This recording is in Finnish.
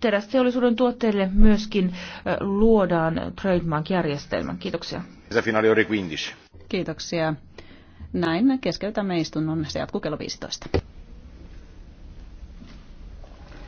terästeollisuuden tuotteille myöskin luodaan trademark-järjestelmä. Kiitoksia. Kiitoksia. Näin keskeytämme istunnon. Se jatkuu kello 15.